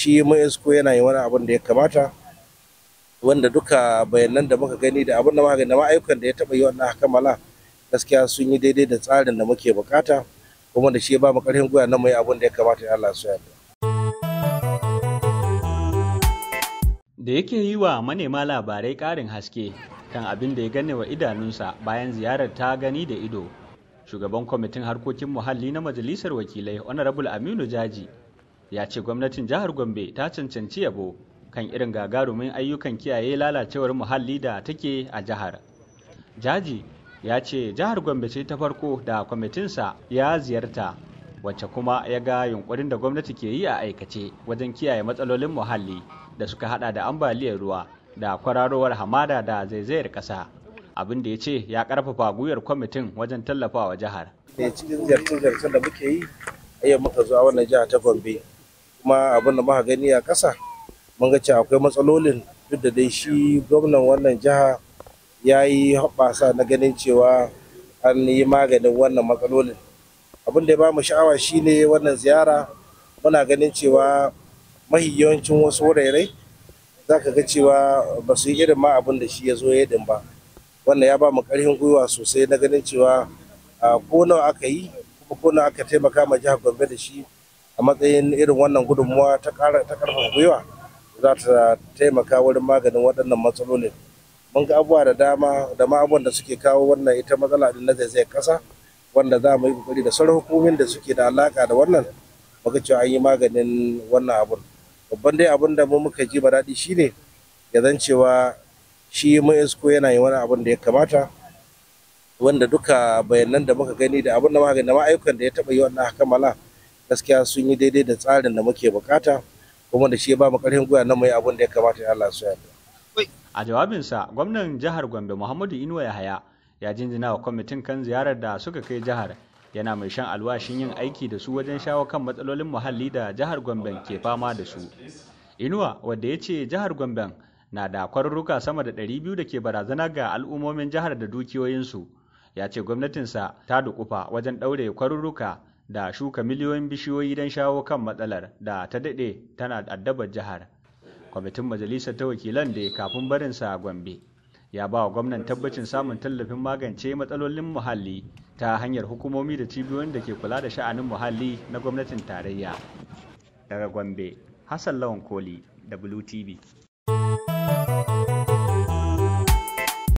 shi mai isko yana yin wani abin da ya kamata wanda duka bayanan da muka gani da abin da muka gani ayyukan da ya taɓa yi wannan kammala gaskiya sun yi daidai da tsarin da muke bukata kuma da shi ya ba mu ƙarfin gwiwa na mai abin da ya kamata ya Allah su yarda. Da yake yi wa manema labarai karin haske kan abin da ya gane wa idanunsa bayan ziyarar ta gani da ido. Shugaban kwamitin harkokin muhalli na majalisar wakilai Honorable Aminu Jaji ya ce gwamnatin jihar gombe ta cancanci yabo kan irin gagarumin ayyukan kiyaye lalacewar muhalli da take a jihar jaji ya ce jihar gombe ce ta farko da kwamitinsa ya ziyarta wacce kuma ya ga yunkurin da gwamnati ke yi a aikace wajen kiyaye matsalolin muhalli da suka hada da ambaliyar ruwa da kwararowar hamada da zaizayar kasa abin da ya ce ya karfafa gwiwar kwamitin wajen tallafawa jihar. cikin ziyarce-ziyarce da muke yi yau muka zuwa wannan jiha ta gombe kuma abin da muka gani a ƙasa mun ga cewa akwai matsalolin duk da dai shi gwamnan wannan jiha ya yi hoɓɓasa na ganin cewa an yi maganin wannan matsalolin abin da ya ba mu sha'awa shine wannan ziyara muna ganin cewa mahi yawancin wasu wurare za ka ga cewa ba su yi irin ma abin da shi ya zo ya ba wannan ya ba mu ƙarfin gwiwa sosai na ganin cewa ko nawa aka yi kuma ko nawa aka taimaka ma jihar gombe da shi a matsayin irin wannan gudunmuwa ta karfafa gwiwa za ta taimaka wurin maganin waɗannan matsalolin mun ga abubuwa da dama da ma abubuwan da suke kawo wannan ita matsala din na zaizayar ƙasa wanda za mu yi kokari da sauran hukumomin da suke da alaka da wannan muka cewa an yi maganin wannan abun babban dai abun da mu muka ji ba daɗi shine ya zan cewa shi mu isko yana yin wani abun da ya kamata wanda duka bayanan da muka gani da abun da magani da ma'aikatan da ya taɓa yi wannan hakamala gaskiya sun yi daidai da tsarin da muke bukata kuma da shi ya ba mu karfin gwiwa na yi abin da ya kamata ya Allah ya a jawabinsa gwamnan jihar Gombe Muhammadu Inuwa Yahaya ya jinjina wa kwamitin kan ziyarar da suka kai jihar yana mai shan alwashin yin aiki da su wajen shawo kan matsalolin muhalli da jihar Gombe ke fama da su Inuwa wanda ya ce jihar Gombe na da kwarurruka sama da 200 da ke barazana ga al'ummomin jihar da dukiyoyinsu ya ce gwamnatinsa ta dukufa wajen ɗaure kwarurruka da shuka miliyoyin bishiyoyi don shawo kan matsalar da ta daɗe tana addabar jihar kwamitin majalisar ta wakilan da kafin barinsa gombe ya ba wa gwamnan tabbacin samun tallafin magance matsalolin muhalli ta hanyar hukumomi da cibiyoyin da ke kula da sha'anin muhalli na gwamnatin tarayya daga gombe hassan lawan koli wtv